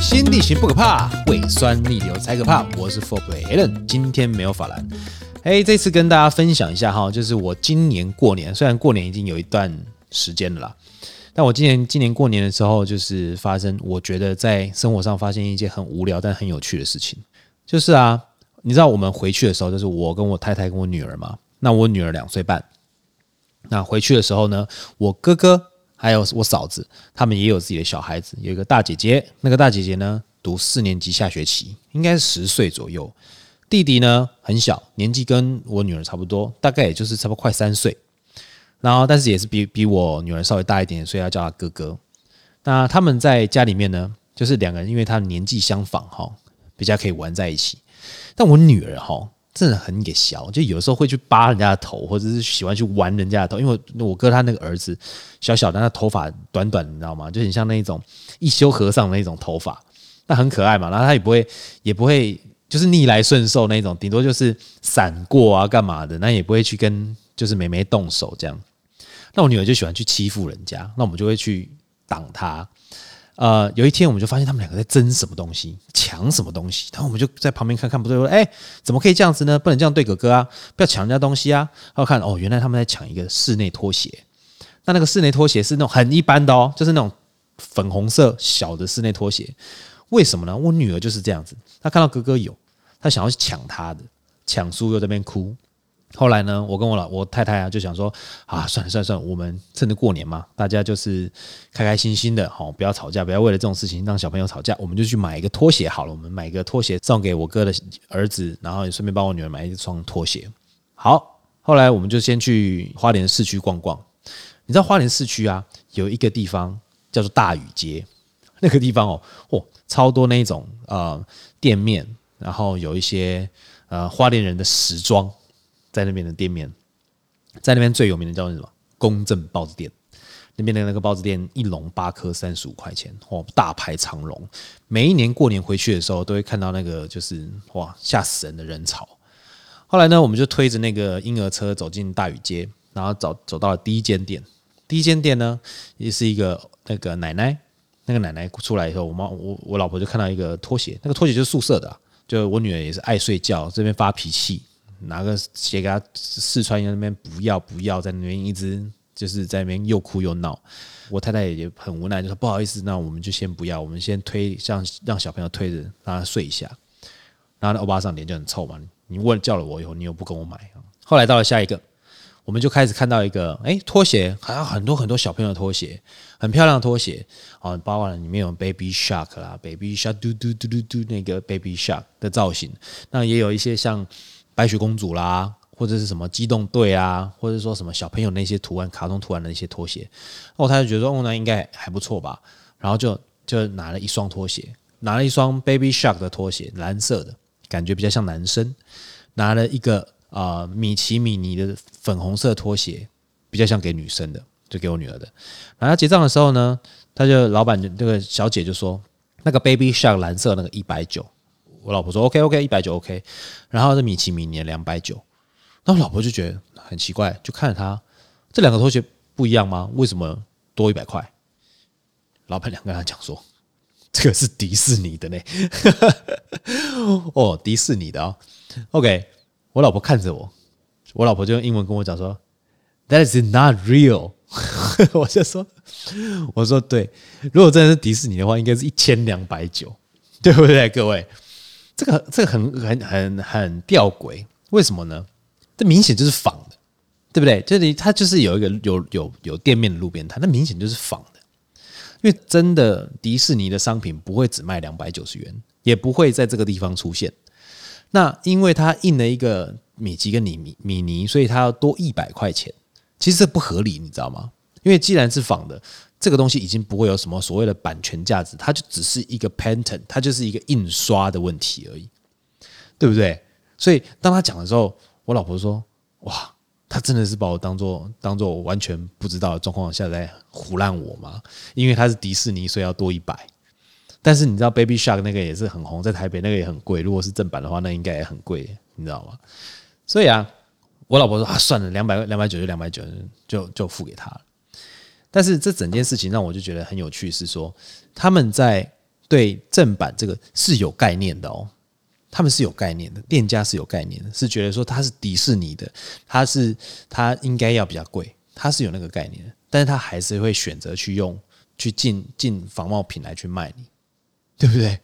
心地形不可怕，胃酸逆流才可怕。我是 Foreplay Allen，今天沒有法蘭。Hey，這次跟大家分享一下哈，就是我今年過年，雖然過年已經有一段時間了，但我今年今年過年的時候，就是發生我覺得在生活上發現一件很無聊但很有趣的事情，就是啊，你知道我們回去的時候，就是我跟我太太跟我女兒嘛，那我女兒兩歲半，那回去的時候呢，我哥哥。還有我嫂子，他們也有自己的小孩子，有一個大姐姐，那個大姐姐呢讀四年級下學期，應該是十歲左右；弟弟呢很小，年紀跟我女兒差不多，大概也就是差不多快三歲。然後，但是也是比比我女兒稍微大一點，所以要叫他哥哥。那他們在家裡面呢，就是兩個人，因為他年紀相仿，哈、哦，比較可以玩在一起。但我女兒，哈、哦。真的很野小，就有時候會去扒人家的頭，或者是喜歡去玩人家的頭。因為我，我哥他那個兒子小小的，他頭髮短短，你知道嗎？就很像那一種一休和尚的那種頭髮，那很可愛嘛。然後他也不會，也不會，就是逆來順受那種，頂多就是閃過啊，幹嘛的，那也不會去跟就是妹妹動手這樣。那我女兒就喜歡去欺負人家，那我們就會去擋她。呃，有一天我們就發現他們兩個在爭什麼東西，搶什麼東西，然後我們就在旁邊看看，看不對，我說：“哎，怎麼可以這樣子呢？不能這樣對哥哥啊，不要搶人家東西啊。”然後看哦，原來他們在搶一個室內拖鞋。那那個室內拖鞋是那種很一般的哦，就是那種粉紅色小的室內拖鞋。為什麼呢？我女兒就是這樣子，她看到哥哥有，她想要去搶他的，搶輸又在那邊哭。後來呢，我跟我老我太太啊，就想說啊，算了算了算了，我們趁着過年嘛，大家就是開開心心的，吼，不要吵架，不要為了這種事情讓小朋友吵架，我們就去買一個拖鞋好了，我們買一個拖鞋送給我哥的兒子，然後也順便幫我女兒買一雙拖鞋。好，後來我們就先去花蓮市區逛逛。你知道花蓮市區啊，有一個地方叫做大禹街，那個地方哦，哇、哦，超多那種呃店面，然後有一些呃花蓮人的時裝。在那邊的店面，在那邊最有名的叫做什麼？公正包子店。那邊的那個包子店，一籠八顆，三十五塊錢。哦，大排長龍。每一年過年回去的時候，都會看到那個就是哇，嚇死人的人潮。後來呢，我們就推着那個嬰兒車走進大禹街，然後走走到了第一間店。第一間店呢，也是一個那個奶奶，那個奶奶出來以後，我媽我我老婆就看到一個拖鞋，那個拖鞋就是宿舍的、啊，就我女兒也是愛睡覺，這邊發脾氣。拿個鞋給他試穿，在那邊不要不要，在那邊一直就是在那邊又哭又鬧。我太太也很無奈，就說不好意思，那我們就先不要，我們先推，讓讓小朋友推着讓他睡一下。然後歐巴桑臉就很臭嘛，你問叫了我以後，你又不跟我買。後來到了下一個，我們就開始看到一個哎、欸、拖鞋，好像很多很多小朋友的拖鞋，很漂亮的拖鞋。哦，包完了裡面有 Baby Shark 啦，Baby Shark 嘟嘟嘟嘟嘟那個 Baby Shark 的造型，那也有一些像。白雪公主啦，或者是什麼機動隊啊，或者說什麼小朋友那些圖案、卡通圖案的一些拖鞋，哦，他就覺得說哦，那應該還不錯吧，然後就就拿了一雙拖鞋，拿了一雙 Baby Shark 的拖鞋，藍色的，感覺比較像男生，拿了一個啊、呃、米奇米妮的粉紅色的拖鞋，比較像給女生的，就給我女兒的。然後結賬的時候呢，他就老板就那、這個小姐就說，那個 Baby Shark 藍色那個一百九。我老婆說 OK OK 一百九 OK，然後是米奇米妮兩百九，那我老婆就覺得很奇怪，就看着他這兩個拖鞋不一樣嗎？為什麼多一百塊？老板娘跟他講說這個是迪士尼的呢， 哦迪士尼的啊 OK，我老婆看着我，我老婆就用英文跟我講說 That is not real， 我就說我說對，如果真的是迪士尼的話，應該是一千兩百九，對不對各位？這個這個很很很很弔詭，為什麼呢？這明顯就是仿的，對不對？這裡它就是有一個有有有店面的路邊攤，那明顯就是仿的，因為真的迪士尼的商品不會只賣兩百九十元，也不會在這個地方出現。那因為它印了一個米奇跟米米米妮，所以它要多一百塊錢，其實這不合理，你知道嗎？因為既然是仿的，這個東西已經不會有什麼所謂的版權價值，它就只是一個 pattern，它就是一個印刷的問題而已，對不對？所以當他講的時候，我老婆說：“哇，他真的是把我當做當做我完全不知道的狀況下在唬爛我嗎？”因為他是迪士尼，所以要多一百。但是你知道 Baby Shark 那個也是很紅，在台北那個也很貴，如果是正版的話，那應該也很貴，你知道嗎？所以啊，我老婆說啊，算了，兩百兩百九就兩百九，就就付給他了。”但是這整件事情讓我就覺得很有趣，是說他們在對正版這個是有概念的哦，他們是有概念的，店家是有概念的，是覺得說它是迪士尼的，它是它應該要比較貴，它是有那個概念的，但是他還是會選擇去用去進進仿冒品來去賣你，對不對？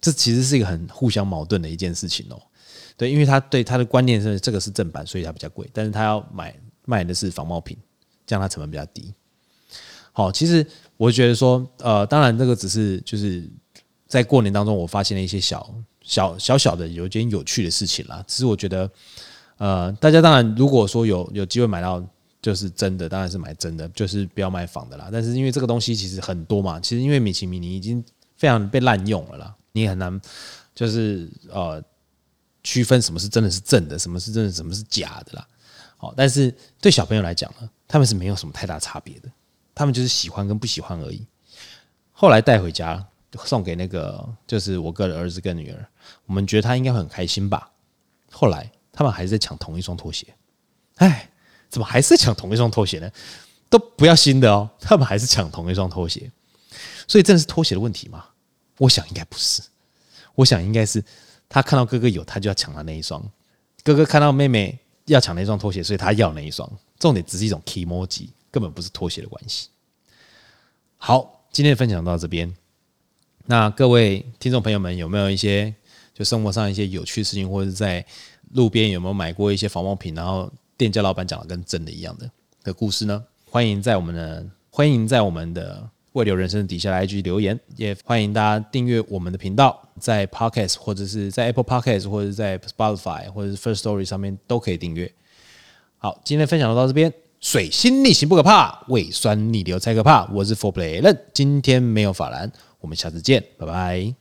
這其實是一個很互相矛盾的一件事情哦，對，因為他對他的觀念是這個是正版，所以它比較貴，但是他要買賣的是仿冒品，這樣它成本比較低。好，其實我覺得說，呃，當然這個只是就是在過年當中，我發現了一些小小小小的有一件有趣的事情啦。其實我覺得，呃，大家當然如果說有有機會買到，就是真的，當然是買真的，就是不要買仿的啦。但是因為這個東西其實很多嘛，其實因為米奇米妮已經非常被濫用了啦，你也很難就是呃區分什麼是真的是正的，什麼是真的什麼是假的啦。好、哦，但是對小朋友來講呢，他們是沒有什麼太大差別的。他們就是喜歡跟不喜歡而已。後來帶回家，送給那個就是我哥的兒子跟女兒。我們覺得他應該會很開心吧。後來他們還是在搶同一雙拖鞋。哎，怎麼還是在搶同一雙拖鞋呢？都不要新的哦，他們還是搶同一雙拖鞋。所以真的是拖鞋的問題嗎？我想應該不是。我想應該是他看到哥哥有，他就要搶他那一雙。哥哥看到妹妹要搶那一雙拖鞋，所以他要那一雙。重點只是一種 kimoji 根本不是拖鞋的關係。好，今天分享到這邊。那各位聽眾朋友們，有沒有一些就生活上一些有趣事情，或者是在路邊有沒有買過一些仿冒品，然後店家老板講的跟真的一樣的的故事呢？歡迎在我們的歡迎在我們的胃流人生底下的 IG 留言，也歡迎大家訂閱我們的頻道，在 Podcast 或者是在 Apple Podcast 或者是在 Spotify 或者是 First Story 上面都可以訂閱。好，今天分享就到這邊。水星逆行不可怕，胃酸逆流才可怕。我是 For Player，今天沒有法蘭，我們下次見，拜拜。